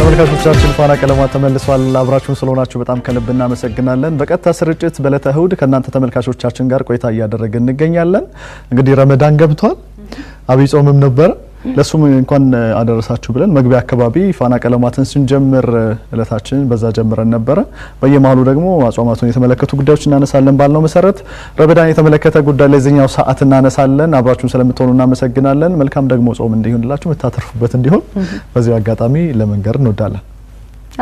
ተመልካቾቻችን ፋና ቀለማት ተመልሷል። አብራችሁን ስለሆናችሁ በጣም ከልብ እናመሰግናለን። በቀጥታ ስርጭት በዕለተ እሁድ ከእናንተ ተመልካቾቻችን ጋር ቆይታ እያደረግን እንገኛለን። እንግዲህ ረመዳን ገብቷል፣ አብይ ጾምም ነበረ። ለሱም እንኳን አደረሳችሁ ብለን መግቢያ አካባቢ ፋና ቀለማትን ስንጀምር እለታችንን በዛ ጀምረን ነበረ። በየመሀሉ ደግሞ አጽዋማቱን የተመለከቱ ጉዳዮች እናነሳለን። ባልነው መሰረት ረመዳን የተመለከተ ጉዳይ ላይ ሰዓት እናነሳለን። አብራችሁን ስለምትሆኑ እናመሰግናለን። መልካም ደግሞ ጾም እንዲሆንላችሁ የምታተርፉበት እንዲሆን በዚሁ አጋጣሚ ለመንገር እንወዳለን።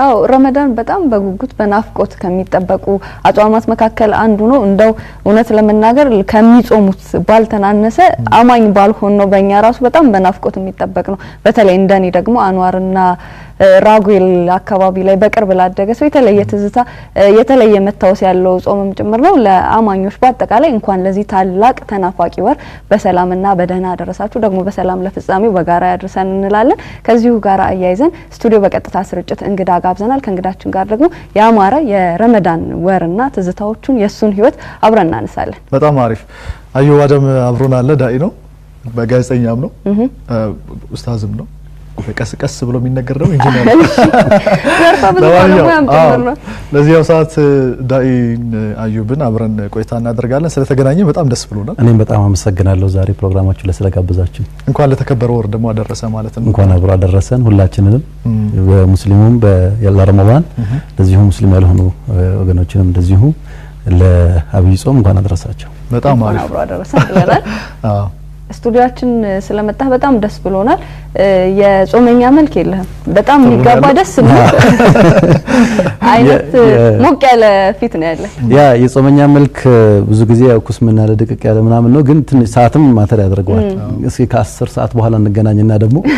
አዎ ረመዳን በጣም በጉጉት በናፍቆት ከሚጠበቁ አጽዋማት መካከል አንዱ ነው። እንደው እውነት ለመናገር ከሚጾሙት ባልተናነሰ አማኝ ባልሆን ነው በእኛ ራሱ በጣም በናፍቆት የሚጠበቅ ነው። በተለይ እንደኔ ደግሞ አንዋርና ራጉል አካባቢ ላይ በቅርብ ላደገ ሰው የተለየ ትዝታ የተለየ መታወስ ያለው ጾምም ጭምር ነው። ለአማኞች በአጠቃላይ እንኳን ለዚህ ታላቅ ተናፋቂ ወር በሰላምና በደህና አደረሳችሁ፣ ደግሞ በሰላም ለፍጻሜው በጋራ ያድርሰን እንላለን። ከዚሁ ጋር አያይዘን ስቱዲዮ በቀጥታ ስርጭት እንግዳ ጋብዘናል። ከእንግዳችን ጋር ደግሞ ያማረ የረመዳን ወርና ትዝታዎቹን የእሱን ህይወት አብረን እናነሳለን። በጣም አሪፍ አዩ አደም አብሮን አለ። ዳኢ ነው፣ ጋዜጠኛም ነው፣ ኡስታዝም ነው ቀስቀስ ብሎ የሚነገር ደግሞ ኢንጂነር ነው። ለዚያው ሰዓት ዳኢ አዩብን አብረን ቆይታ እናደርጋለን። ስለተገናኘ በጣም ደስ ብሎናል። እኔም በጣም አመሰግናለሁ ዛሬ ፕሮግራማችሁ ላይ ስለጋበዛችሁ። እንኳን ለተከበረ ወር ደግሞ አደረሰ ማለት ነው። እንኳን አብሮ አደረሰን ሁላችንንም፣ በሙስሊሙም ለረመዳን እንደዚሁ ሙስሊም ያልሆኑ ወገኖችንም እንደዚሁ ለአብይ ጾም እንኳን አደረሳቸው። በጣም አሪፍ አዎ ስቱዲዮችን ስለመጣህ በጣም ደስ ብሎናል። የጾመኛ መልክ የለህም። በጣም የሚጋባ ደስ ነው አይነት ሞቅ ያለ ፊት ነው ያለ። ያ የጾመኛ መልክ ብዙ ጊዜ ያው ኩስምና ድቅቅ ያለ ምናምን ነው፣ ግን ትንሽ ሰዓትም ማተር ያደርገዋል። እስኪ ከአስር ሰዓት በኋላ እንገናኝና ደግሞ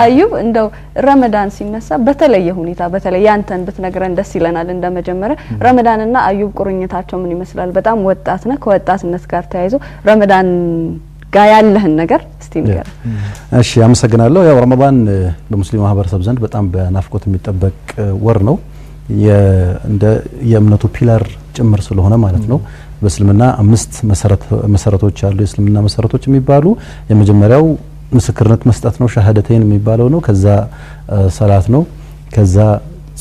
አዩብ እንደው ረመዳን ሲነሳ በተለየ ሁኔታ በተለይ ያንተን ብትነግረን ደስ ይለናል። እንደመጀመሪያ ረመዳንና አዩብ ቁርኝታቸው ምን ይመስላል? በጣም ወጣት ነህ። ከወጣትነት ጋር ተያይዞ ረመዳን ጋ ያለህን ነገር እስቲ ንገር። እሺ፣ አመሰግናለሁ። ያው ረመዳን በሙስሊም ማህበረሰብ ዘንድ በጣም በናፍቆት የሚጠበቅ ወር ነው። እንደ የእምነቱ ፒላር ጭምር ስለሆነ ማለት ነው። በእስልምና አምስት መሰረቶች አሉ። የእስልምና መሰረቶች የሚባሉ የመጀመሪያው ምስክርነት መስጠት ነው። ሻሃደተይን የሚባለው ነው። ከዛ ሰላት ነው። ከዛ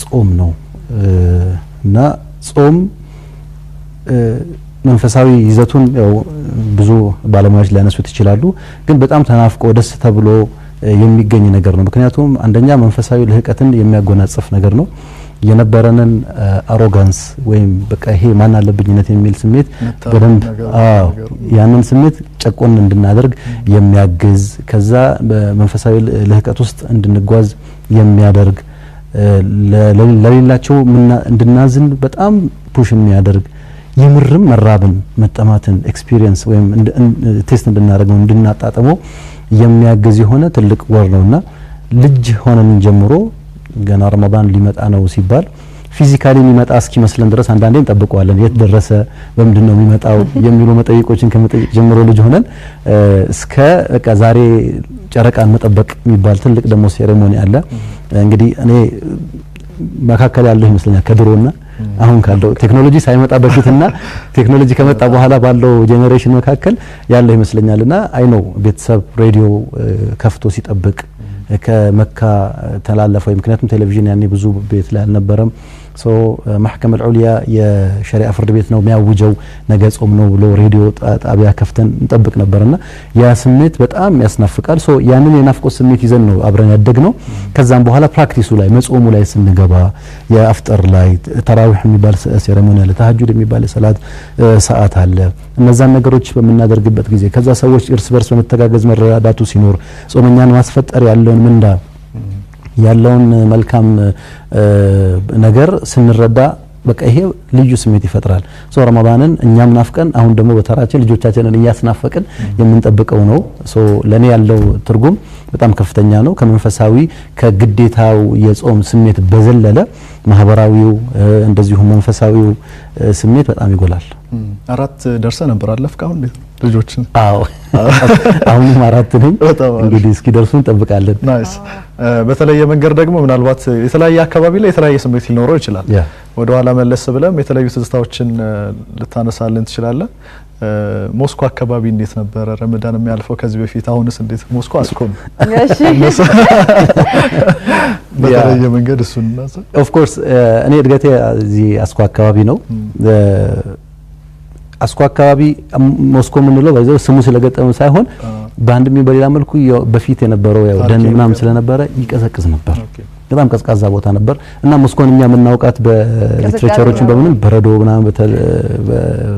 ጾም ነው እና ጾም መንፈሳዊ ይዘቱን ያው ብዙ ባለሙያዎች ሊያነሱት ይችላሉ። ግን በጣም ተናፍቆ ደስ ተብሎ የሚገኝ ነገር ነው። ምክንያቱም አንደኛ መንፈሳዊ ልህቀትን የሚያጎናጽፍ ነገር ነው። የነበረንን አሮጋንስ ወይም በቃ ይሄ ማን አለብኝነት የሚል ስሜት በደንብ አዎ ያንን ስሜት ጨቆን እንድናደርግ የሚያግዝ ከዛ በመንፈሳዊ ልህቀት ውስጥ እንድንጓዝ የሚያደርግ ለሌላቸው እንድናዝን በጣም ፑሽ የሚያደርግ የምርም መራብን መጠማትን ኤክስፒሪየንስ ወይም ቴስት እንድናደርገው እንድናጣጥመው የሚያግዝ የሆነ ትልቅ ወር ነውና ልጅ ሆነን ጀምሮ ገና ረመዳን ሊመጣ ነው ሲባል ፊዚካሊ የሚመጣ እስኪመስለን ድረስ አንዳንዴ እንጠብቀዋለን። የት ደረሰ? በምንድን ነው የሚመጣው? የሚሉ መጠይቆችን ከመጠየቅ ጀምሮ ልጅ ሆነን እስከ በቃ ዛሬ ጨረቃን መጠበቅ የሚባል ትልቅ ደግሞ ሴሬሞኒ አለ። እንግዲህ እኔ መካከል ያለሁ ይመስለኛል ከድሮና አሁን ካለው ቴክኖሎጂ ሳይመጣ በፊትና ቴክኖሎጂ ከመጣ በኋላ ባለው ጄኔሬሽን መካከል ያለው ይመስለኛልና አይ ነው ቤተሰብ ሬዲዮ ከፍቶ ሲጠብቅ ከመካ ተላለፈ። ምክንያቱም ቴሌቪዥን ያኔ ብዙ ቤት ላይ አልነበረም። ማሕከም ልዑልያ የሸሪያ ፍርድ ቤት ነው የሚያውጀው፣ ነገ ጾም ነው ብሎ ሬዲዮ ጣቢያ ከፍተን እንጠብቅ ነበርና ያ ስሜት በጣም ያስናፍቃል። ያንን የናፍቆት ስሜት ይዘን ነው አብረን ያደግ ነው። ከዛም በኋላ ፕራክቲሱ ላይ መጾሙ ላይ ስንገባ የአፍጠር ላይ ተራዊህ የሚባል ሴሬሞኒ አለ፣ ተሀጁድ የሚባል ሰላት ሰዓት አለ። እነዛን ነገሮች በምናደርግበት ጊዜ ከዛ ሰዎች እርስ በርስ በመተጋገዝ መረዳዳቱ ሲኖር ጾመኛን ማስፈጠር ያለውን ምንዳ ያለውን መልካም ነገር ስንረዳ በቃ ይሄ ልዩ ስሜት ይፈጥራል። ሶ ረመዳንን እኛም ናፍቀን አሁን ደግሞ በተራችን ልጆቻችንን እያስናፈቅን የምንጠብቀው ነው። ሶ ለእኔ ያለው ትርጉም በጣም ከፍተኛ ነው። ከመንፈሳዊ ከግዴታው የጾም ስሜት በዘለለ ማህበራዊው፣ እንደዚሁም መንፈሳዊው ስሜት በጣም ይጎላል። አራት ደርሰ ነበር አለፍ አሁን ልጆችን? አዎ አሁንም አራት ነኝ። እንግዲህ እስኪደርሱ እንጠብቃለን። ናይስ። በተለየ መንገድ ደግሞ ምናልባት የተለያየ አካባቢ ላይ የተለያየ ስሜት ሊኖረው ይችላል። ወደ ኋላ መለስ ብለም የተለያዩ ትዝታዎችን ልታነሳልን ትችላለ። ሞስኮ አካባቢ እንዴት ነበረ ረመዳን የሚያልፈው ከዚህ በፊት? አሁንስ እንዴት ሞስኮ አስኮም በተለየ መንገድ እሱን ኦፍኮርስ እኔ እድገቴ እዚህ አስኮ አካባቢ ነው አስኮ አካባቢ ሞስኮ የምንለው ባይዘው ስሙ ስለገጠመ ሳይሆን በአንድም በሌላ መልኩ በፊት የነበረው ያው ደን ምናምን ስለነበረ ይቀዘቅዝ ነበር። በጣም ቀዝቃዛ ቦታ ነበር እና ሞስኮን እኛ የምናውቃት በሊትሬቸሮችን በምንም በረዶ ምናምን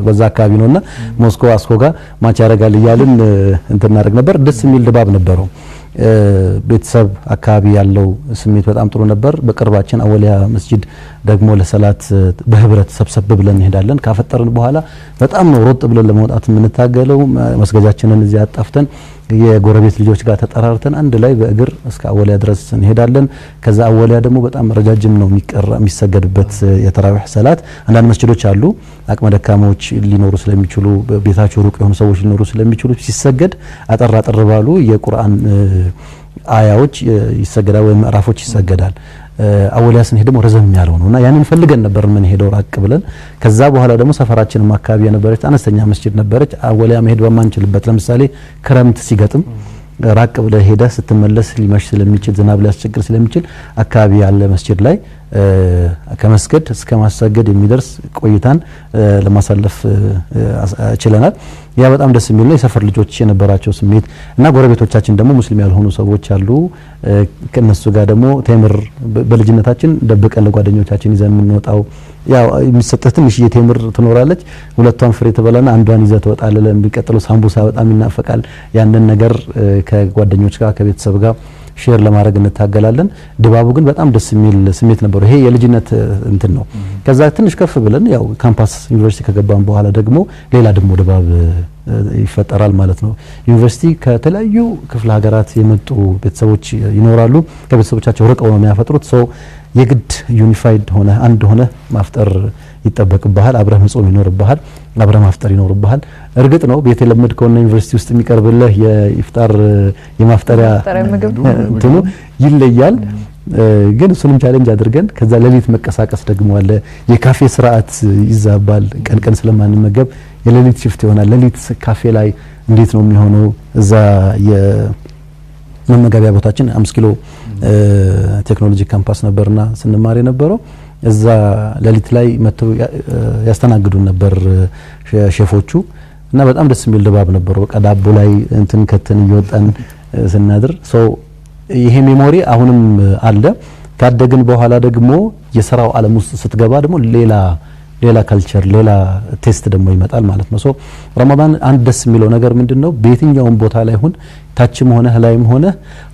በዛ አካባቢ ነውና ሞስኮ አስኮ ጋር ማች ያደርጋል እያልን እንትን እናደርግ ነበር። ደስ የሚል ድባብ ነበረው። ቤተሰብ አካባቢ ያለው ስሜት በጣም ጥሩ ነበር። በቅርባችን አወሊያ መስጂድ ደግሞ ለሰላት በህብረት ሰብሰብ ብለን እንሄዳለን። ካፈጠርን በኋላ በጣም ነው ሮጥ ብለን ለመውጣት የምንታገለው። መስገጃችንን እዚያ አጣፍተን የጎረቤት ልጆች ጋር ተጠራርተን አንድ ላይ በእግር እስከ አወሊያ ድረስ እንሄዳለን። ከዛ አወሊያ ደግሞ በጣም ረጃጅም ነው የሚቀራ የሚሰገድበት የተራዊህ ሰላት። አንዳንድ መስጅዶች አሉ አቅመ ደካሞች ሊኖሩ ስለሚችሉ ቤታቸው ሩቅ የሆኑ ሰዎች ሊኖሩ ስለሚችሉ ሲሰገድ አጠር አጠር ባሉ የቁርአን አያዎች ይሰገዳል ወይም ምዕራፎች ይሰገዳል። አወሊያ ስንሄድ ደግሞ ረዘም ያለው ነው እና ያንን ፈልገን ነበር ሄደው ራቅ ብለን። ከዛ በኋላ ደግሞ ሰፈራችንም አካባቢ የነበረች አነስተኛ መስጂድ ነበረች። አወሊያ መሄድ በማንችልበት ለምሳሌ ክረምት ሲገጥም ራቅ ብለ ሄደ ስትመለስ ሊመሽ ስለሚችል ዝናብ ሊያስቸግር ስለሚችል አካባቢ ያለ መስጂድ ላይ ከመስገድ እስከ ማሰገድ የሚደርስ ቆይታን ለማሳለፍ ችለናል። ያ በጣም ደስ የሚል ነው። የሰፈር ልጆች የነበራቸው ስሜት እና ጎረቤቶቻችን ደግሞ ሙስሊም ያልሆኑ ሰዎች አሉ። ከነሱ ጋር ደግሞ ቴምር በልጅነታችን ደብቀን ለጓደኞቻችን ይዘን የምንወጣው ያው የሚሰጥህ ትንሽዬ ቴምር ትኖራለች። ሁለቷን ፍሬ ትበላና አንዷን ይዘህ ትወጣለህ። ለሚቀጥለው ሳምቡሳ በጣም ይናፈቃል። ያንን ነገር ከጓደኞች ጋር ከቤተሰብ ጋር ሼር ለማድረግ እንታገላለን። ድባቡ ግን በጣም ደስ የሚል ስሜት ነበሩ። ይሄ የልጅነት እንትን ነው። ከዛ ትንሽ ከፍ ብለን ያው ካምፓስ ዩኒቨርሲቲ ከገባን በኋላ ደግሞ ሌላ ደግሞ ድባብ ይፈጠራል ማለት ነው። ዩኒቨርሲቲ ከተለያዩ ክፍለ ሀገራት የመጡ ቤተሰቦች ይኖራሉ። ከቤተሰቦቻቸው ርቀው ነው የሚያፈጥሩት። ሰው የግድ ዩኒፋይድ ሆነ አንድ ሆነ ማፍጠር ይጠበቅብሃል። አብረህ መጾም ይኖርብሃል። አብረህ ማፍጠር ይኖርብሃል። እርግጥ ነው ቤት የለመድከውና ዩኒቨርሲቲ ውስጥ የሚቀርብልህ የኢፍጣር የማፍጠሪያ እንትኑ ይለያል። ግን እሱንም ቻሌንጅ አድርገን ከዛ ሌሊት መቀሳቀስ ደግሞ አለ። የካፌ ስርዓት ይዛባል። ቀን ቀን ስለማንመገብ የሌሊት ሽፍት ይሆናል። ሌሊት ካፌ ላይ እንዴት ነው የሚሆነው? እዛ የመመገቢያ ቦታችን አምስት ኪሎ ቴክኖሎጂ ካምፓስ ነበርና ስንማር የነበረው እዛ ሌሊት ላይ መጥተው ያስተናግዱ ነበር ሼፎቹ እና በጣም ደስ የሚል ድባብ ነበሩ። በቃ ዳቦ ላይ እንትን ከትን እየወጣን ስናድር ሶ ይሄ ሜሞሪ አሁንም አለ። ካደግን በኋላ ደግሞ የስራው ዓለም ውስጥ ስትገባ ደግሞ ሌላ ሌላ ካልቸር ሌላ ቴስት ደግሞ ይመጣል ማለት ነው። ሶ ረመዳን አንድ ደስ የሚለው ነገር ምንድነው? በየትኛውም ቦታ ላይ ሁን ታችም ሆነ ላይም ሆነ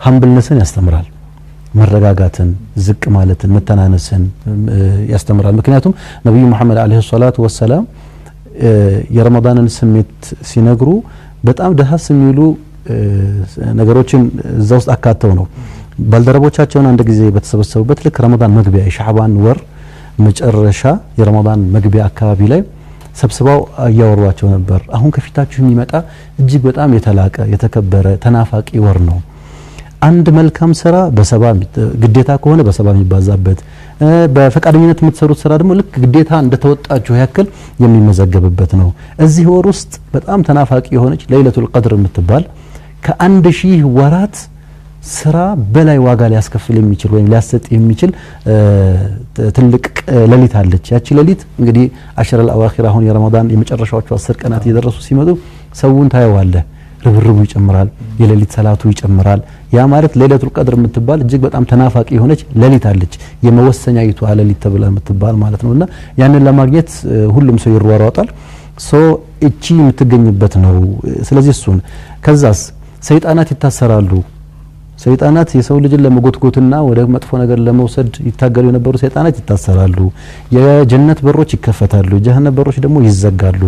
ሀምብልነስን ያስተምራል። መረጋጋትን፣ ዝቅ ማለትን፣ መተናነስን ያስተምራል። ምክንያቱም ነቢዩ መሐመድ ዓለይሂ ሰላቱ ወሰላም የረመዳንን ስሜት ሲነግሩ በጣም ደስ የሚሉ ነገሮችን እዛ ውስጥ አካተው ነው። ባልደረቦቻቸውን አንድ ጊዜ በተሰበሰቡበት ልክ ረመዳን መግቢያ የሻዕባን ወር መጨረሻ የረመዳን መግቢያ አካባቢ ላይ ሰብስባው እያወሯቸው ነበር። አሁን ከፊታችሁ የሚመጣ እጅግ በጣም የተላቀ የተከበረ ተናፋቂ ወር ነው አንድ መልካም ስራ በሰባ ግዴታ ከሆነ በሰባ የሚባዛበት በፈቃደኝነት የምትሰሩት ስራ ደግሞ ልክ ግዴታ እንደተወጣችሁ ያክል የሚመዘገብበት ነው። እዚህ ወር ውስጥ በጣም ተናፋቂ የሆነች ለይለቱል ቀድር የምትባል ከአንድ ሺህ ወራት ስራ በላይ ዋጋ ሊያስከፍል የሚችል ወይም ሊያሰጥ የሚችል ትልቅ ሌሊት አለች። ያቺ ሌሊት እንግዲህ አሽረል አዋኺር አሁን የረመዳን የመጨረሻዎቹ አስር ቀናት እየደረሱ ሲመጡ ሰውን ታየዋለህ። ርብርቡ ይጨምራል፣ የሌሊት ሰላቱ ይጨምራል። ያ ማለት ሌሊቱል ቀድር የምትባል እጅግ በጣም ተናፋቂ የሆነች ሌሊት አለች፣ የመወሰኛይቱ ሌሊት ተብላ የምትባል ማለት ነውና ያንን ለማግኘት ሁሉም ሰው ይሯሯጣል። ሶ እቺ የምትገኝበት ነው። ስለዚህ እሱን ከዛስ ሰይጣናት ይታሰራሉ። ሰይጣናት የሰው ልጅን ለመጎትጎትና ወደ መጥፎ ነገር ለመውሰድ ይታገሉ የነበሩ ሰይጣናት ይታሰራሉ። የጀነት በሮች ይከፈታሉ፣ የጀሃነም በሮች ደግሞ ይዘጋሉ።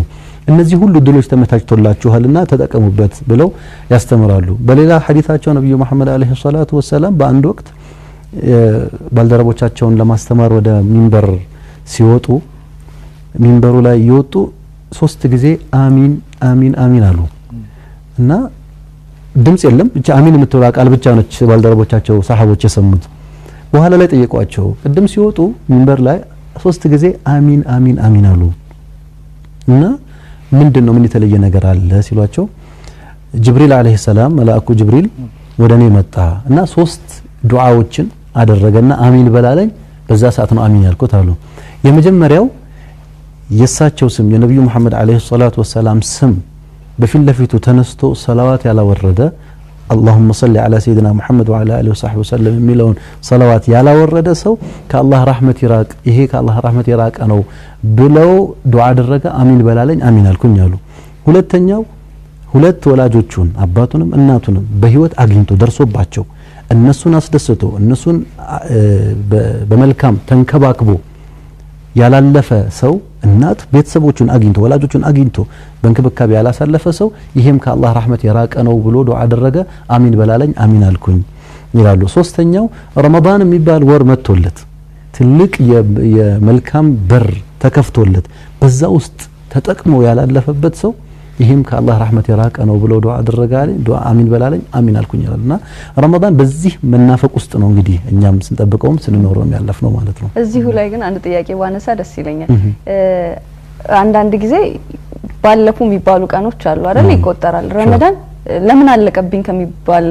እነዚህ ሁሉ ድሎች ተመቻችቶላችኋልና ተጠቀሙበት ብለው ያስተምራሉ። በሌላ ሐዲታቸው ነብዩ መሐመድ አለይሂ ሰላቱ ወሰላም በአንድ ወቅት ባልደረቦቻቸውን ለማስተማር ወደ ሚንበር ሲወጡ ሚንበሩ ላይ እየወጡ ሶስት ጊዜ አሚን አሚን አሚን አሉ እና ድምጽ የለም ብቻ አሚን የምትወራ ቃል ብቻ ነች ባልደረቦቻቸው ሰሃቦች የሰሙት። በኋላ ላይ ጠየቋቸው። ቅድም ሲወጡ ሚንበር ላይ ሶስት ጊዜ አሚን አሚን አሚን አሉ እና ምንድን ነው ምን የተለየ ነገር አለ ሲሏቸው ጅብሪል አለይሂ ሰላም መልአኩ ጅብሪል ወደ እኔ መጣ እና ሶስት ዱዓዎችን አደረገና አሚን በላለኝ በዛ ሰዓት ነው አሚን ያልኩት አሉ። የመጀመሪያው የእሳቸው ስም የነቢዩ መሐመድ አለይሂ ሰላቱ ወሰላም ስም በፊት ለፊቱ ተነስቶ ሰላዋት ያላወረደ አላሁመ ሰሊ አላ ሰይድና ሙሐመድ ወአላ አሊሂ ወሰሕቢ ወሰለም የሚለውን ሰለዋት ያላወረደ ሰው ከአላህ ራህመት ይራቅ፣ ይሄ ከአላህ ራህመት የራቀ ነው ብለው ዱዓ አደረገ። አሚን በላለኝ አሚን አልኩኝ አሉ። ሁለተኛው ሁለት ወላጆቹን አባቱንም እናቱንም በህይወት አግኝቶ ደርሶባቸው እነሱን አስደስቶ እነሱን በመልካም ተንከባክቦ ያላለፈ ሰው እናት ቤተሰቦቹን አግኝቶ ወላጆቹን አግኝቶ በእንክብካቤ ያላሳለፈ ሰው ይሄም ከአላህ ረህመት የራቀ ነው ብሎ ዱዓ አደረገ። አሚን በላለኝ አሚን አልኩኝ ይላሉ። ሶስተኛው ረመዳን የሚባል ወር መጥቶለት ትልቅ የመልካም በር ተከፍቶለት በዛ ውስጥ ተጠቅሞ ያላለፈበት ሰው ይህም ከአላህ ረህመት የራቀ ነው ብሎ ዱዓ አደረገ ዱዓ አሚን በላለኝ አሚን አልኩኝ ይላል ረመዳን በዚህ መናፈቅ ውስጥ ነው እንግዲህ እኛም ስንጠብቀውም ስንኖረውም ያለፍ ነው ማለት ነው። እዚሁ ላይ ግን አንድ ጥያቄ ባነሳ ደስ ይለኛል። አንዳንድ ጊዜ ባለፉ የሚባሉ ቀኖች አሉ አይደል? ይቆጠራል ረመዳን ለምን አለቀብኝ ከሚባል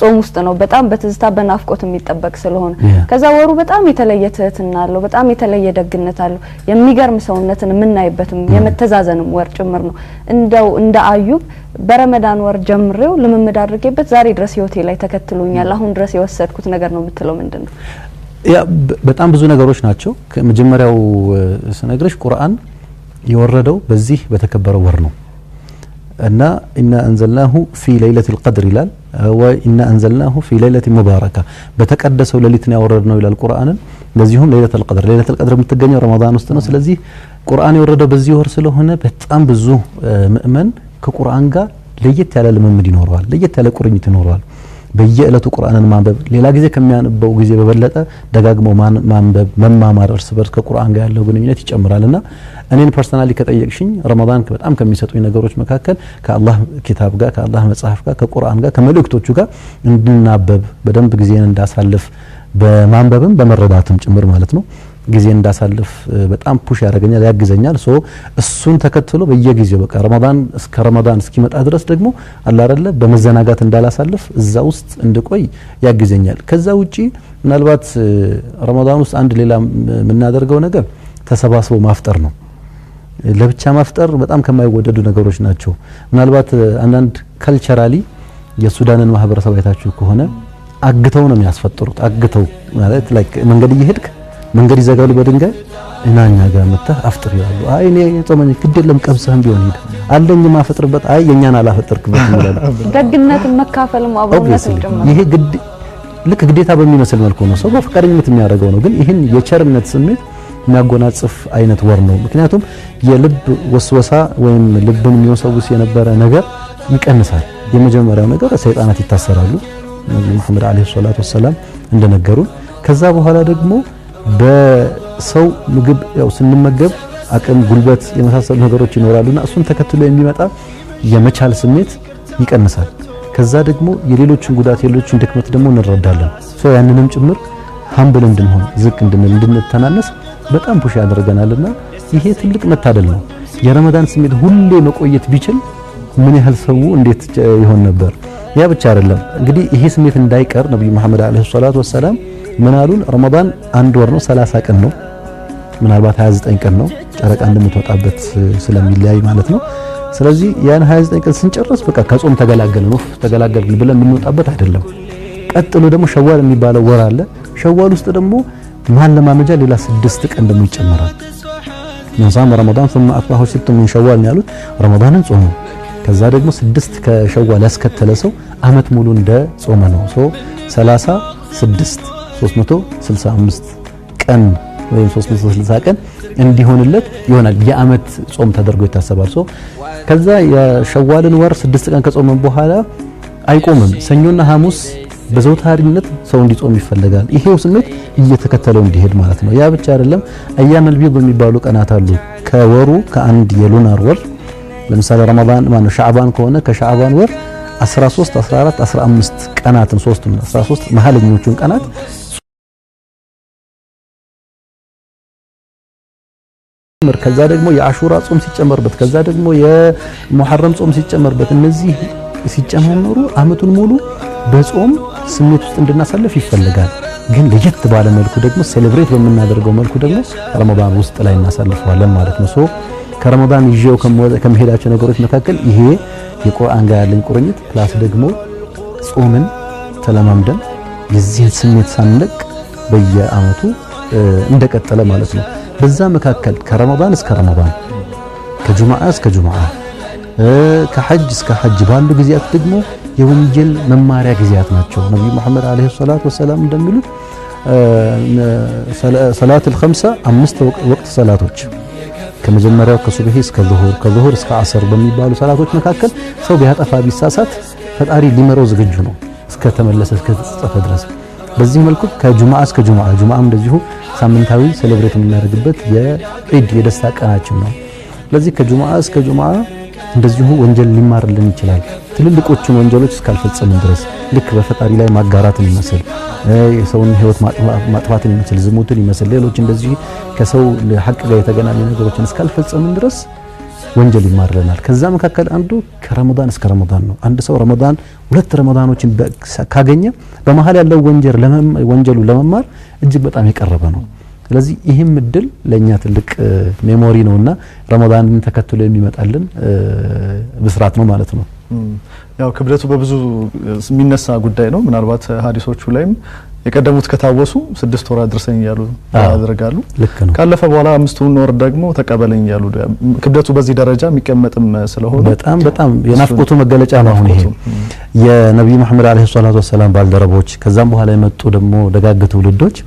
ጾም ውስጥ ነው። በጣም በትዝታ በናፍቆት የሚጠበቅ ስለሆነ ከዛ ወሩ በጣም የተለየ ትህትና አለው፣ በጣም የተለየ ደግነት አለው። የሚገርም ሰውነትን የምናይበትም የመተዛዘንም ወር ጭምር ነው። እንደው እንደ አዩብ በረመዳን ወር ጀምሬው ልምምድ አድርጌበት ዛሬ ድረስ ህይወቴ ላይ ተከትሎኛል፣ አሁን ድረስ የወሰድኩት ነገር ነው የምትለው ምንድን ነው? ያ በጣም ብዙ ነገሮች ናቸው። ከመጀመሪያው ስነግርሽ ቁርአን የወረደው በዚህ በተከበረው ወር ነው أن إنا أنزلناه في ليلة القدر لال وإنا أنزلناه في ليلة مباركة بتكدسوا ليلتنا ورردنا إلى القرآن لزيهم ليلة القدر ليلة القدر متقنية رمضان استنس لزيه قرآن يورده بزيه ورسله هنا بتقام بزوه مؤمن كقرآن قال ليت على المؤمنين ورال ليت على قرآن يتنورال በየዕለቱ ቁርአንን ማንበብ ሌላ ጊዜ ከሚያነበው ጊዜ በበለጠ ደጋግሞ ማንበብ፣ መማማር፣ እርስ በርስ ከቁርአን ጋር ያለው ግንኙነት ይጨምራልና እኔን ፐርሰናሊ ከጠየቅሽኝ ረመዳን በጣም ከሚሰጡኝ ነገሮች መካከል ከአላህ ኪታብ ጋር ከአላህ መጽሐፍ ጋር ከቁርአን ጋር ከመልእክቶቹ ጋር እንድናበብ በደንብ ጊዜን እንዳሳልፍ በማንበብም በመረዳትም ጭምር ማለት ነው ጊዜ እንዳሳልፍ በጣም ፑሽ ያደርገኛል፣ ያግዘኛል። ሶ እሱን ተከትሎ በየጊዜው በቃ ረመዳን እስከ ረመዳን እስኪመጣ ድረስ ደግሞ አለ በመዘናጋት እንዳላሳልፍ እዛ ውስጥ እንድቆይ ያግዘኛል። ከዛ ውጪ ምናልባት ረመዳን ውስጥ አንድ ሌላ የምናደርገው ነገር ተሰባስቦ ማፍጠር ነው። ለብቻ ማፍጠር በጣም ከማይወደዱ ነገሮች ናቸው። ምናልባት አንዳንድ ካልቸራሊ የሱዳንን ማህበረሰብ አይታችሁ ከሆነ አግተው ነው የሚያስፈጥሩት። አግተው ማለት ላይክ መንገድ እየሄድክ መንገድ ይዘጋሉ በድንጋይ እና እኛ ጋር መጥተህ አፍጥር ይላሉ። አይ እኔ የጾመኝ ግድ የለም ቀምሰህም ቢሆን ሄድ አለኝ ማፈጥርበት። አይ የኛን አላፈጥርክበት ይላሉ። ደግነት መካፈልም አብሮነት ጭምር ይሄ ግድ ልክ ግዴታ በሚመስል መልኩ ነው ሰው በፈቃደኝነት የሚያደርገው ነው። ግን ይህን የቸርነት ስሜት የሚያጎናጽፍ አይነት ወር ነው። ምክንያቱም የልብ ወስወሳ ወይም ልብን የሚወሰውስ የነበረ ነገር ይቀንሳል። የመጀመሪያው ነገር ሰይጣናት ይታሰራሉ፣ ነብዩ መሐመድ አለይሂ ሰላቱ ወሰላም እንደነገሩን። ከዛ በኋላ ደግሞ በሰው ምግብ ያው ስንመገብ አቅም፣ ጉልበት የመሳሰሉ ነገሮች ይኖራሉና እሱን ተከትሎ የሚመጣ የመቻል ስሜት ይቀንሳል። ከዛ ደግሞ የሌሎችን ጉዳት የሌሎችን ድክመት ደግሞ እንረዳለን። ያንንም ጭምር ሀምብል እንድንሆን ዝቅ እንድንል እንድንተናነስ በጣም ፑሽ ያደርገናልና ይሄ ትልቅ መታደል ነው። የረመዳን ስሜት ሁሌ መቆየት ቢችል ምን ያህል ሰው እንዴት ይሆን ነበር? ያ ብቻ አይደለም እንግዲህ ይሄ ስሜት እንዳይቀር ነብዩ መሐመድ አለይሂ ሰላቱ ወሰላም ምን አሉን? ረመዳን አንድ ወር ነው፣ 30 ቀን ነው፣ ምናልባት 29 ቀን ነው ጨረቃ እንደምትወጣበት ስለሚለያይ ማለት ነው። ስለዚህ ያን 29 ቀን ስንጨርስ በቃ ከጾም ተገላገልን፣ ኡፍ ተገላገልን ብለን የምንወጣበት አይደለም። ቀጥሎ ደግሞ ሸዋል የሚባለው ወር አለ። ሸዋል ውስጥ ደግሞ ማለማመጃ ሌላ ስድስት ቀን ደግሞ ይጨመራል። ንሳም ረመዳን ثم اصبحوا ست من شوال ያሉት ረመዳንን ጾሙ ከዛ ደግሞ ስድስት ከሸዋል ያስከተለ ሰው አመት ሙሉ እንደ ጾመ ነው። ሶ 36 365 ቀን ወይም 360 ቀን እንዲሆንለት ይሆናል። የአመት ጾም ተደርጎ ይታሰባል። ሶ ከዛ የሸዋልን ወር ስድስት ቀን ከጾመን በኋላ አይቆምም። ሰኞና ሐሙስ በዘውታሪነት ሰው እንዲጾም ይፈለጋል። ይሄው ስሜት እየተከተለው እንዲሄድ ማለት ነው። ያ ብቻ አይደለም። አያመል ቢድ የሚባሉ ቀናት አሉ። ከወሩ ከአንድ የሉናር ወር ለምሳሌ ረመዳን ማለት ሻዕባን ከሆነ ከሻዕባን ወር 13፣ 14፣ 15 ቀናትን ሶስቱን 13 መሀለኞቹን ቀናት ከዛ ደግሞ የአሹራ ጾም ሲጨመርበት፣ ከዛ ደግሞ የሙሐረም ጾም ሲጨመርበት፣ እነዚህ ሲጨማመሩ አመቱን ሙሉ በጾም ስሜት ውስጥ እንድናሳልፍ ይፈልጋል። ግን ለየት ባለ መልኩ ደግሞ ሴሌብሬት በምናደርገው መልኩ ደግሞ ረመዳን ውስጥ ላይ እናሳልፈዋለን ማለት ነው። ሶ ከረመዳን ይዤው ከመሄዳቸው ነገሮች መካከል ይሄ የቁርአን ጋር ያለኝ ቁርኝት ፕላስ ደግሞ ጾምን ተለማምደን የዚህን ስሜት ሳንለቅ በየአመቱ እንደቀጠለ ማለት ነው። በዛ መካከል ከረመዳን እስከ ረመዳን ከጁማዓ እስከ ጁማዓ ከሐጅ እስከ ሐጅ ባሉ ጊዜያት ደግሞ የወንጀል መማሪያ ጊዜያት ናቸው። ነብዩ መሐመድ አለይሂ ሰላቱ ወሰላም እንደሚሉት ሰላት الخمسة አምስት ወቅት ሰላቶች ከመጀመሪያው ከሱብሂ እስከ ዙሁር ከዙሁር እስከ አስር በሚባሉ ሰላቶች መካከል ሰው ቢያጠፋ ቢሳሳት ፈጣሪ ሊመረው ዝግጁ ነው እስከ ተመለሰ እስከ ተጸጸተ ድረስ በዚህ መልኩ ከጁማ እስከ ጁማ ጁማም እንደዚሁ ሳምንታዊ ሴሌብሬት የምናደርግበት የዒድ የደስታ ቀናችን ነው። ስለዚህ ከጁማ እስከ ጁማ እንደዚሁ ወንጀል ሊማርልን ይችላል። ትልልቆቹን ወንጀሎች እስካልፈጸምን ድረስ ልክ በፈጣሪ ላይ ማጋራትን ይመስል የሰውን ሕይወት ማጥፋትን ይመስል ዝሙትን ይመስል ሌሎች እንደዚህ ከሰው ሀቅ ጋር የተገናኙ ነገሮችን እስካልፈጸምን ድረስ ወንጀል ይማርልናል። ከዛ መካከል አንዱ ከረመዳን እስከ ረመዳን ነው። አንድ ሰው ረመዳን ሁለት ረመዳኖችን ካገኘ በመሀል ያለው ወንጀል ወንጀሉ ለመማር እጅግ በጣም የቀረበ ነው። ስለዚህ ይህም እድል ለእኛ ትልቅ ሜሞሪ እና ረመዳንን ተከትሎ የሚመጣልን ብስራት ነው ማለት ነው። ያው ክብደቱ በብዙ የሚነሳ ጉዳይ ነው። ምናልባት ሀዲሶቹ ላይም የቀደሙት ከታወሱ ስድስት ወር አድርሰኝ እያሉ ያደርጋሉ። ካለፈ በኋላ አምስቱን ወር ደግሞ ተቀበለኝ እያሉ ክብደቱ በዚህ ደረጃ የሚቀመጥም ስለሆነ በጣም በጣም የናፍቆቱ መገለጫ ነው። አሁን ይሄ የነብዩ መሐመድ አለይሂ ሰላቱ ወሰላም ባልደረቦች ከዛም በኋላ የመጡ ደግሞ ደጋግ ትውልዶች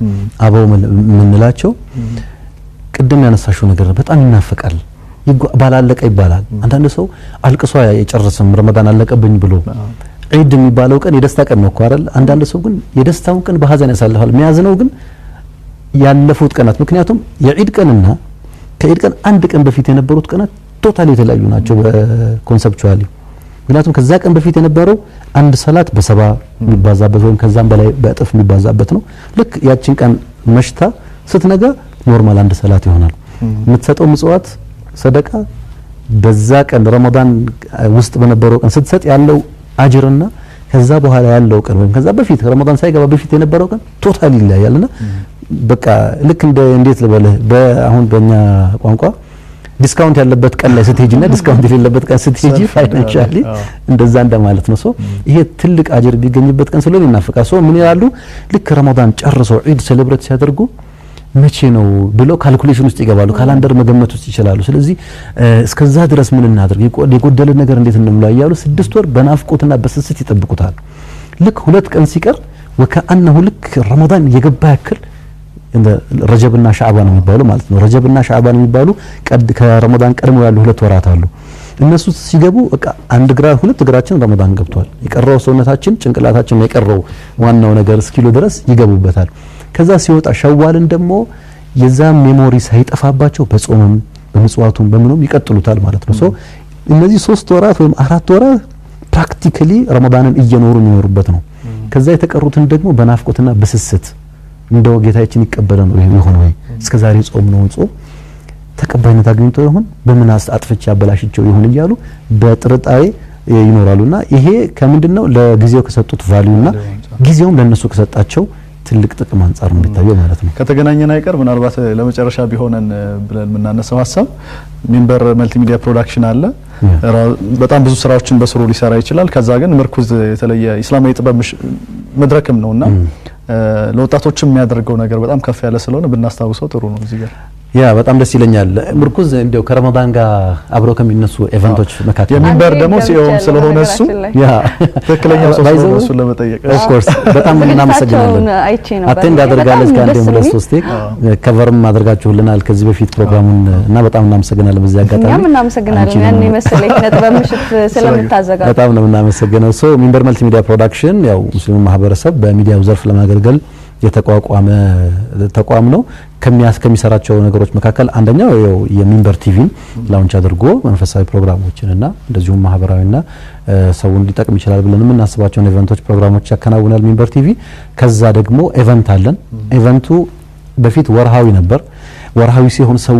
አበው የምንላቸው ቅድም ያነሳሽው ነገር በጣም ይናፍቃል። ባላለቀ ይባላል። አንዳንድ ሰው አልቅሶ አይጨርስም። ረመዳን አለቀብኝ ብሎ ዒድ የሚባለው ቀን የደስታ ቀን ነው እኮ አይደል? አንዳንድ ሰው ግን የደስታውን ቀን በሀዘን ያሳልፋል። የሚያዝነው ግን ያለፉት ቀናት። ምክንያቱም የዒድ ቀንና ከዒድ ቀን አንድ ቀን በፊት የነበሩት ቀናት ቶታል የተለያዩ ናቸው በኮንሰፕቹዋሊ። ምክንያቱም ከዛ ቀን በፊት የነበረው አንድ ሰላት በሰባ የሚባዛበት ወይም ከዛም በላይ በእጥፍ የሚባዛበት ነው። ልክ ያችን ቀን መሽታ ስትነጋ ኖርማል አንድ ሰላት ይሆናል። የምትሰጠው ምጽዋት፣ ሰደቃ በዛ ቀን ረመዳን ውስጥ በነበረው ቀን ስትሰጥ ያለው አጅርና ከዛ በኋላ ያለው ቀን ወይም ከዛ በፊት ረመዳን ሳይገባ በፊት የነበረው ቀን ቶታል ይለያልና በቃ ልክ እንደ እንዴት ልበልህ በአሁን በእኛ ቋንቋ ዲስካውንት ያለበት ቀን ላይ ስትሄጂና ዲስካውንት የሌለበት ቀን ስትሄጂ ፋይናንሻሊ እንደዛ እንደማለት ነው። ሶ ይሄ ትልቅ አጅር ቢገኝበት ቀን ስለሆነ ይናፍቃል። ሶ ምን ይላሉ ልክ ረመዳን ጨርሰው ዒድ ሴሌብሬት ሲያደርጉ መቼ ነው ብለው ካልኩሌሽን ውስጥ ይገባሉ። ካላንደር መገመት ውስጥ ይችላሉ። ስለዚህ እስከዛ ድረስ ምን እናድርግ፣ የጎደለ ነገር እንዴት እንሙላ እያሉ ስድስት ወር በናፍቆትና በስስት ይጠብቁታል። ልክ ሁለት ቀን ሲቀር ወከአነሁ ልክ ረመዳን የገባ ያክል ረጀብና ሻዕባን የሚባሉ ማለት ነው። ረጀብና ሻዕባን የሚባሉ ከረመዳን ቀድሞ ያሉ ሁለት ወራት አሉ። እነሱ ሲገቡ በቃ አንድ ግራ ሁለት እግራችን ረመዳን ገብቷል። የቀረው ሰውነታችን ጭንቅላታችን የቀረው ዋናው ነገር እስኪሎ ድረስ ይገቡበታል። ከዛ ሲወጣ ሸዋልን ደግሞ የዛ ሜሞሪ ሳይጠፋባቸው በጾምም በምጽዋቱም በምኑም ይቀጥሉታል ማለት ነው። ሶ እነዚህ ሶስት ወራት ወይም አራት ወራት ፕራክቲካሊ ረመዳንን እየኖሩ የሚኖሩበት ነው። ከዛ የተቀሩትን ደግሞ በናፍቆትና በስስት እንደው ጌታችን ይቀበለ ነው ይሆን ወይ እስከዛሬ ጾም ነው ጾም ተቀባይነት አግኝቶ ይሆን በምን አጥፍቼ አበላሽቸው ይሆን እያሉ በጥርጣሬ ይኖራሉና ይሄ ከምንድነው ለጊዜው ከሰጡት ቫልዩና ጊዜውም ለነሱ ከሰጣቸው ትልቅ ጥቅም አንጻር የሚታየው ማለት ነው። ከተገናኘን አይቀር ምናልባት ለመጨረሻ ቢሆነን ብለን የምናነሳው ሀሳብ ሚንበር መልቲሚዲያ ፕሮዳክሽን አለ። በጣም ብዙ ስራዎችን በስሩ ሊሰራ ይችላል። ከዛ ግን ምርኩዝ የተለየ ኢስላማዊ ጥበብ መድረክም ነውና ለወጣቶችም የሚያደርገው ነገር በጣም ከፍ ያለ ስለሆነ ብናስታውሰው ጥሩ ነው እዚህ ጋር ያ በጣም ደስ ይለኛል። ምርኩዝ እንደው ከረመዳን ጋር አብሮ ከሚነሱ ኤቨንቶች መካከል የሚንበር ደግሞ ሲኦም ስለሆነ እሱ ያ ትክክለኛ ሰው እሱ ለመጠየቅ ኦፍ ኮርስ በጣም እናመሰግናለን። አቴንድ አደርጋለች ከአንዴ ሁለት ሶስቴ ከቨርም አድርጋችሁልናል ከዚህ በፊት ፕሮግራሙን እና በጣም እናመሰግናለን። በዚህ አጋጣሚ እኛም እናመሰግናለን። ያን የመሰለ የኪነጥበብ ምሽት ስለምታዘጋጁ በጣም ነው እናመሰግነው። ሶ ሚንበር መልቲ ሚዲያ ፕሮዳክሽን ያው ሙስሊሙ ማህበረሰብ በሚዲያው ዘርፍ ለማገልገል የተቋቋመ ተቋም ነው። ከሚያስ ከሚሰራቸው ነገሮች መካከል አንደኛው ያው የሚንበር ቲቪን ላውንች አድርጎ መንፈሳዊ ፕሮግራሞችንና እንደዚሁም ማህበራዊና ሰውን ሊጠቅም ይችላል ብለን የምናስባቸውን ኤቨንቶች፣ ፕሮግራሞች ያከናውናል ሚንበር ቲቪ። ከዛ ደግሞ ኢቨንት አለን። ኢቨንቱ በፊት ወርሃዊ ነበር። ወርሃዊ ሲሆን ሰው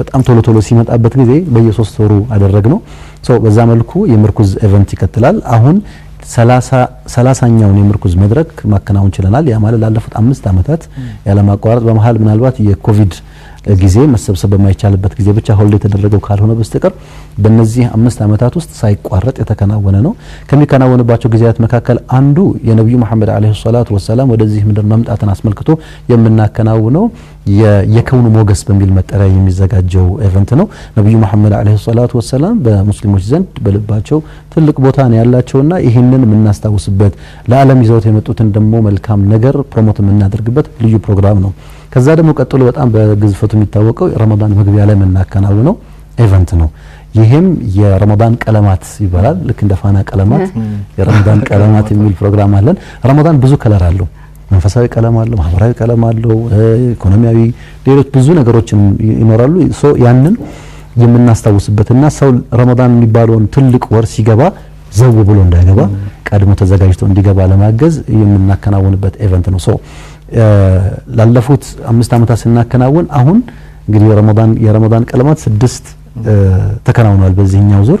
በጣም ቶሎ ቶሎ ሲመጣበት ጊዜ በየሶስት ወሩ አደረግ ነው። በዛ መልኩ የምርኩዝ ኢቨንት ይቀጥላል አሁን ሰላሳኛውን የምርኩዝ መድረክ ማከናወን ችለናል። ያ ማለት ላለፉት አምስት ዓመታት ያለማቋረጥ በመሀል ምናልባት የኮቪድ ጊዜ መሰብሰብ በማይቻልበት ጊዜ ብቻ ሆልድ የተደረገው ካልሆነ በስተቀር በእነዚህ አምስት ዓመታት ውስጥ ሳይቋረጥ የተከናወነ ነው። ከሚከናወንባቸው ጊዜያት መካከል አንዱ የነቢዩ መሐመድ ዓለይሂ ሰላቱ ወሰላም ወደዚህ ምድር መምጣትን አስመልክቶ የምናከናውነው የከውኑ ሞገስ በሚል መጠሪያ የሚዘጋጀው ኤቨንት ነው። ነቢዩ መሐመድ ዓለይሂ ሰላቱ ወሰላም በሙስሊሞች ዘንድ በልባቸው ትልቅ ቦታ ነው ያላቸውና ይህንን የምናስታውስበት ለዓለም ይዘውት የመጡትን ደግሞ መልካም ነገር ፕሮሞት የምናደርግበት ልዩ ፕሮግራም ነው። ከዛ ደግሞ ቀጥሎ በጣም በግዝፈቱ የሚታወቀው ረመዳን መግቢያ ላይ የምናከናውነው ኢቨንት ነው። ይህም የረመዳን ቀለማት ይባላል። ልክ እንደ ፋና ቀለማት የረመዳን ቀለማት የሚል ፕሮግራም አለን። ረመዳን ብዙ ከለር አለው። መንፈሳዊ ቀለም አለው፣ ማህበራዊ ቀለም አለው፣ ኢኮኖሚያዊ፣ ሌሎች ብዙ ነገሮችን ይኖራሉ። ሶ ያንን የምናስታውስበትና ሰው ረመዳን የሚባለውን ትልቅ ወር ሲገባ ዘው ብሎ እንዳይገባ ቀድሞ ተዘጋጅቶ እንዲገባ ለማገዝ የምናከናውንበት ኤቨንት ነው። ላለፉት አምስት ዓመታት ስናከናውን አሁን እንግዲህ የረመዳን የረመዳን ቀለማት ስድስት ተከናውኗል። በዚህኛው ዙር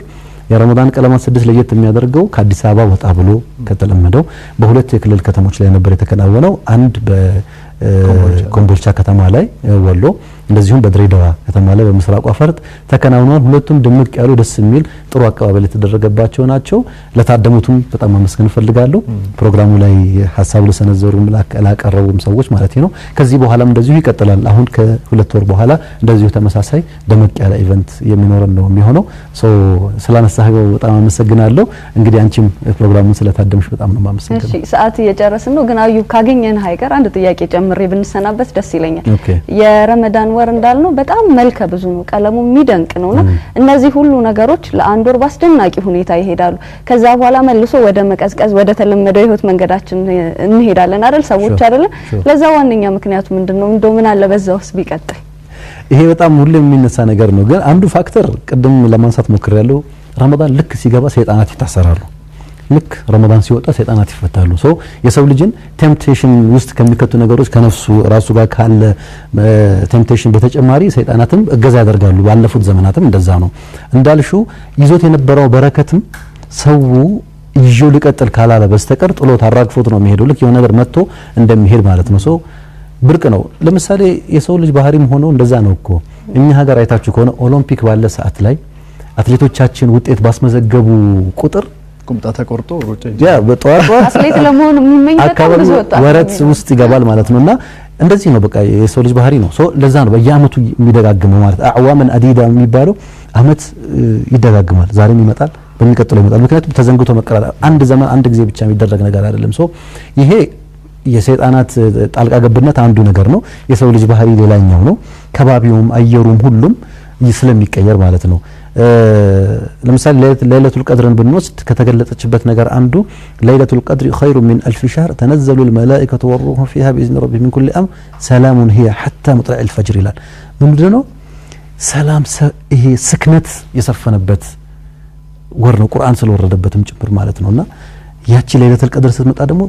የረመዳን ቀለማት ስድስት ለየት የሚያደርገው ከአዲስ አበባ ወጣ ብሎ ከተለመደው በሁለት የክልል ከተሞች ላይ ነበር የተከናወነው። አንድ በኮምቦልቻ ከተማ ላይ ወሎ እንደዚሁም በድሬዳዋ ከተማ ላይ በምስራቋ ፈርጥ ተከናውኗል። ሁለቱም ድምቅ ያሉ ደስ የሚል ጥሩ አቀባበል የተደረገባቸው ናቸው። ለታደሙትም በጣም ማመስገን እፈልጋለሁ። ፕሮግራሙ ላይ ሀሳብ ለሰነዘሩም ላቀረቡም ሰዎች ማለት ነው። ከዚህ በኋላም እንደዚሁ ይቀጥላል። አሁን ከሁለት ወር በኋላ እንደዚሁ ተመሳሳይ ደመቅ ያለ ኢቨንት የሚኖረን ነው የሚሆነው። ስላነሳኸው በጣም አመሰግናለሁ። እንግዲህ አንቺም ፕሮግራሙን ስለታደምሽ በጣም ነው የማመሰግነው። እሺ፣ ሰዓት እየጨረስን ነው፣ ግን አዩ ካገኘን ሀይቀር አንድ ጥያቄ ጨምሬ ብንሰናበት ደስ ይለኛል። የረመዳን ወር እንዳልነው በጣም መልከ ብዙ ነው። ቀለሙ የሚደንቅ ነውና እነዚህ ሁሉ ነገሮች ለአንድ ወር ባስደናቂ ሁኔታ ይሄዳሉ። ከዛ በኋላ መልሶ ወደ መቀዝቀዝ፣ ወደ ተለመደው የህይወት መንገዳችን እንሄዳለን አይደል? ሰዎች አይደለም። ለዛ ዋነኛ ምክንያቱ ምንድነው? እንደው ምን አለ በዛ ውስጥ ቢቀጥል። ይሄ በጣም ሁሌም የሚነሳ ነገር ነው። ግን አንዱ ፋክተር ቅድም ለማንሳት ሞክሬያለሁ፣ ረመዳን ልክ ሲገባ ሰይጣናት ይታሰራሉ። ልክ ረመዳን ሲወጣ ሰይጣናት ይፈታሉ። ሰው የሰው ልጅን ቴምፕቴሽን ውስጥ ከሚከቱ ነገሮች ከነፍሱ ራሱ ጋር ካለ ቴምፕቴሽን በተጨማሪ ሰይጣናትም እገዛ ያደርጋሉ። ባለፉት ዘመናትም እንደዛ ነው እንዳልሹ ይዞት የነበረው በረከትም ሰው ይዤው ልቀጥል ካላለ በስተቀር ጥሎት አራግፎት ነው የሚሄደው። ልክ የሆነ ነገር መጥቶ እንደሚሄድ ማለት ነው። ሶ ብርቅ ነው። ለምሳሌ የሰው ልጅ ባህሪም ሆኖ እንደዛ ነው እኮ እኛ ሀገር አይታችሁ ከሆነ ኦሎምፒክ ባለ ሰዓት ላይ አትሌቶቻችን ውጤት ባስመዘገቡ ቁጥር ቁምጣ ተቆርጦ ሩጫ ያ በጠዋት አትሌት ለመሆን የሚመኝ በጣም ብዙ ወጣት ወረት ውስጥ ይገባል ማለት ነውና እንደዚህ ነው። በቃ የሰው ልጅ ባህሪ ነው። ለዛ ነው በየአመቱ የሚደጋግመው ማለት አዕዋመን አዲዳ የሚባለው አመት ይደጋግማል። ዛሬም ይመጣል፣ በሚቀጥለው ይመጣል። ምክንያቱም ተዘንግቶ መቀራል አንድ ዘመን አንድ ጊዜ ብቻ የሚደረግ ነገር አይደለም። ሰው ይሄ የሰይጣናት ጣልቃ ገብነት አንዱ ነገር ነው። የሰው ልጅ ባህሪ ሌላኛው ነው። ከባቢውም አየሩም ሁሉም ስለሚቀየር ማለት ነው። ለምሳሌ ለይለቱል ቀድርን ብንወስድ ከተገለጠችበት ነገር አንዱ ለይለቱል ቀድር ኸይሩ ሚን አልፍ ሻህር ተነዘሉ ልመላኢከቱ ወሩሑ ፊሃ ብኢዝኒ ረቢ ሚን ኩል አምር ሰላሙን ሂያ ሐታ ሙጥለዕ ልፈጅር ይላል። ምንድን ነው ሰላም? ይሄ ስክነት የሰፈነበት ወር ነው፣ ቁርአን ስለወረደበትም ጭምር ማለት ነውና ያቺ ለይለቱል ቀድር ስትመጣ ደግሞ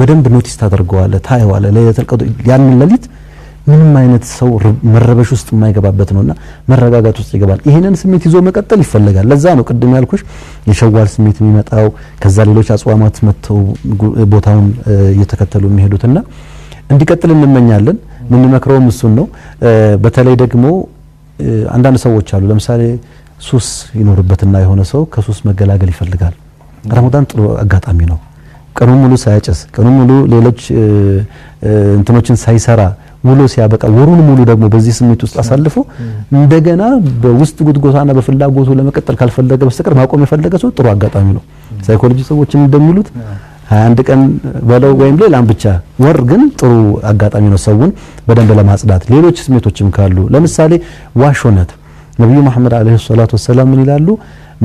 በደንብ ኖቲስ ታደርገዋለ፣ ታየዋለ። ለይለቱል ቀድር ያንን ሌሊት ምንም አይነት ሰው መረበሽ ውስጥ የማይገባበት ነውና መረጋጋት ውስጥ ይገባል። ይህንን ስሜት ይዞ መቀጠል ይፈለጋል። ለዛ ነው ቅድም ያልኩሽ የሸዋል ስሜት የሚመጣው ከዛ ሌሎች አጽዋማት መጥተው ቦታውን እየተከተሉ የሚሄዱትና እንዲቀጥል እንመኛለን። የምንመክረውም እሱን ነው። በተለይ ደግሞ አንዳንድ ሰዎች አሉ። ለምሳሌ ሱስ ይኖርበትና የሆነ ሰው ከሱስ መገላገል ይፈልጋል። ረመዳን ጥሩ አጋጣሚ ነው። ቀኑን ሙሉ ሳያጨስ ቀኑን ሙሉ ሌሎች እንትኖችን ሳይሰራ ውሎ ሲያበቃ ወሩን ሙሉ ደግሞ በዚህ ስሜት ውስጥ አሳልፎ እንደገና በውስጥ ጉትጎታና በፍላጎቱ ለመቀጠል ካልፈለገ በስተቀር ማቆም የፈለገ ሰው ጥሩ አጋጣሚ ነው። ሳይኮሎጂ ሰዎች እንደሚሉት ሀያ ቀን በለው ወይም ሌላም ብቻ ወር ግን ጥሩ አጋጣሚ ነው ሰውን በደንብ ለማጽዳት። ሌሎች ስሜቶችም ካሉ ለምሳሌ ዋሾነት ነብዩ መሐመድ አለይሂ ሰላቱ ወሰላም ምን ይላሉ?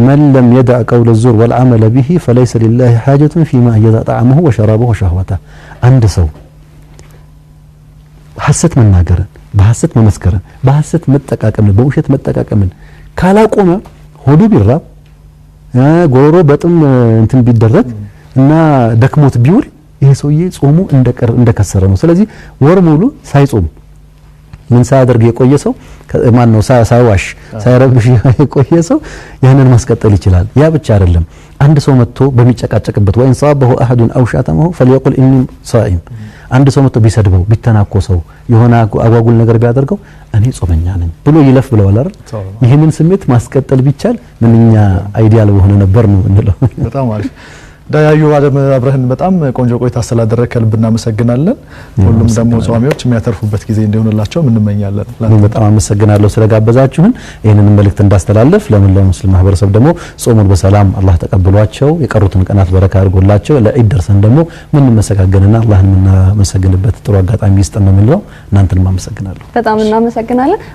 መን ለም የዳዕ ቀውለ ዙር ወልዓመለ ቢሂ ፈለይሰ ሊላሂ ሓጀቱን ፊማ የዛ ጣዕመሁ ወሸራበሁ ወሸህወተሁ አንድ ሰው ሐሰት መናገርን፣ በሐሰት መመስከርን፣ በሐሰት መጠቃቀምን፣ በውሸት መጠቃቀምን ካላቆመ ሆዱ ቢራብ ጎሮሮ በጥም እንትን ቢደረግ እና ደክሞት ቢውል ይሄ ሰውዬ ጾሙ እንደከሰረ ነው። ስለዚህ ወር ሙሉ ሳይጾም ምን ሳያደርግ የቆየ ሰው ማን ነው? ሳይዋሽ ሳይረብሽ የቆየ ሰው ያንን ማስቀጠል ይችላል። ያ ብቻ አይደለም። አንድ ሰው መጥቶ በሚጨቃጨቅበት ወይን ሰበሁ አሐዱን አው ሸተመሁ ፈልየቁል ኢኒ ሷኢም አንድ ሰው መጥቶ ቢሰድበው ቢተናኮሰው የሆነ አጓጉል ነገር ቢያደርገው እኔ ጾመኛ ነኝ ብሎ ይለፍ ብለዋል አይደል? ይህንን ስሜት ማስቀጠል ቢቻል ምንኛ አይዲያል በሆነ ነበር ነው እንለው። በጣም አሪፍ ዳያዩ አደም አብረህን በጣም ቆንጆ ቆይታ ስላደረግ ከልብ እናመሰግናለን። ሁሉም ደግሞ ጸዋሚዎች የሚያተርፉበት ጊዜ እንዲሆንላቸው እንመኛለን። በጣም አመሰግናለሁ ስለጋበዛችሁን። ይህንን መልእክት እንዳስተላለፍ ለመላው ሙስሊም ማህበረሰብ ደግሞ ጾሙን በሰላም አላህ ተቀብሏቸው የቀሩትን ቀናት በረካ አድርጎላቸው ለኢድ ደርሰን ደግሞ ምንመሰጋገንና አላህን የምናመሰግንበት ጥሩ አጋጣሚ ይስጠን ነው የምንለው። እናንተንም አመሰግናለሁ። በጣም እናመሰግናለን።